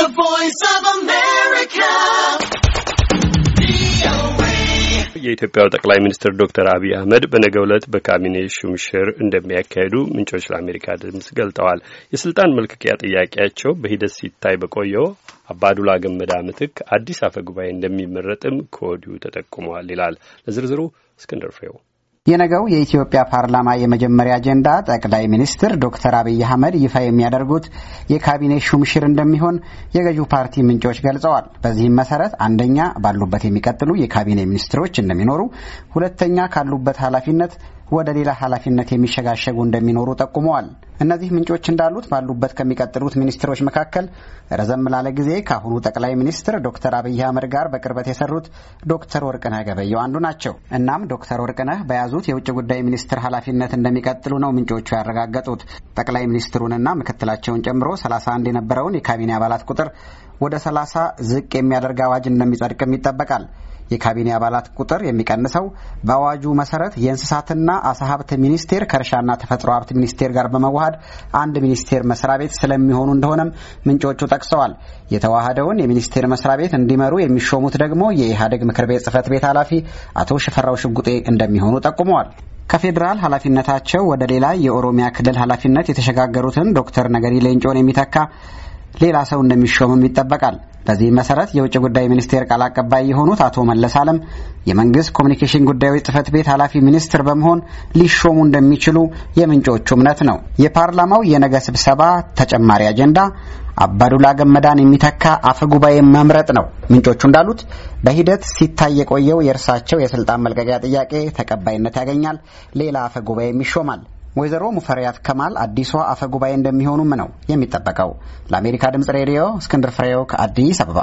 The Voice of America. የኢትዮጵያው ጠቅላይ ሚኒስትር ዶክተር አብይ አህመድ በነገው ዕለት በካቢኔ ሹምሽር እንደሚያካሂዱ ምንጮች ለአሜሪካ ድምጽ ገልጠዋል። የስልጣን መልቀቂያ ጥያቄያቸው በሂደት ሲታይ በቆየው አባዱላ ገመዳ ምትክ አዲስ አፈ ጉባኤ እንደሚመረጥም ከወዲሁ ተጠቁመዋል ይላል። ለዝርዝሩ እስክንድር ፍሬው የነገው የኢትዮጵያ ፓርላማ የመጀመሪያ አጀንዳ ጠቅላይ ሚኒስትር ዶክተር አብይ አህመድ ይፋ የሚያደርጉት የካቢኔ ሹምሽር እንደሚሆን የገዢው ፓርቲ ምንጮች ገልጸዋል። በዚህም መሰረት አንደኛ ባሉበት የሚቀጥሉ የካቢኔ ሚኒስትሮች እንደሚኖሩ፣ ሁለተኛ ካሉበት ኃላፊነት ወደ ሌላ ኃላፊነት የሚሸጋሸጉ እንደሚኖሩ ጠቁመዋል። እነዚህ ምንጮች እንዳሉት ባሉበት ከሚቀጥሉት ሚኒስትሮች መካከል ረዘም ላለ ጊዜ ከአሁኑ ጠቅላይ ሚኒስትር ዶክተር አብይ አህመድ ጋር በቅርበት የሰሩት ዶክተር ወርቅነህ ገበየው አንዱ ናቸው። እናም ዶክተር ወርቅነህ በያዙት የውጭ ጉዳይ ሚኒስትር ኃላፊነት እንደሚቀጥሉ ነው ምንጮቹ ያረጋገጡት። ጠቅላይ ሚኒስትሩንና ምክትላቸውን ጨምሮ 31 የነበረውን የካቢኔ አባላት ቁጥር ወደ 30 ዝቅ የሚያደርግ አዋጅ እንደሚጸድቅም ይጠበቃል። የካቢኔ አባላት ቁጥር የሚቀንሰው በአዋጁ መሰረት የእንስሳትና አሳ ሀብት ሚኒስቴር ከእርሻና ተፈጥሮ ሀብት ሚኒስቴር ጋር በመዋሃድ አንድ ሚኒስቴር መስሪያ ቤት ስለሚሆኑ እንደሆነም ምንጮቹ ጠቅሰዋል። የተዋሃደውን የሚኒስቴር መስሪያ ቤት እንዲመሩ የሚሾሙት ደግሞ የኢህአዴግ ምክር ቤት ጽህፈት ቤት ኃላፊ አቶ ሽፈራው ሽጉጤ እንደሚሆኑ ጠቁመዋል። ከፌዴራል ኃላፊነታቸው ወደ ሌላ የኦሮሚያ ክልል ኃላፊነት የተሸጋገሩትን ዶክተር ነገሪ ሌንጮን የሚተካ ሌላ ሰው እንደሚሾምም ይጠበቃል። በዚህ መሰረት የውጭ ጉዳይ ሚኒስቴር ቃል አቀባይ የሆኑት አቶ መለስ አለም የመንግስት ኮሚኒኬሽን ጉዳዮች ጽህፈት ቤት ኃላፊ ሚኒስትር በመሆን ሊሾሙ እንደሚችሉ የምንጮቹ እምነት ነው። የፓርላማው የነገ ስብሰባ ተጨማሪ አጀንዳ አባዱላ ገመዳን የሚተካ አፈ ጉባኤ መምረጥ ነው። ምንጮቹ እንዳሉት በሂደት ሲታይ የቆየው የእርሳቸው የስልጣን መልቀቂያ ጥያቄ ተቀባይነት ያገኛል፣ ሌላ አፈ ጉባኤም ይሾማል። ወይዘሮ ሙፈሪያት ከማል አዲሷ አፈ ጉባኤ እንደሚሆኑም ነው የሚጠበቀው። ለአሜሪካ ድምጽ ሬዲዮ እስክንድር ፍሬው ከአዲስ አበባ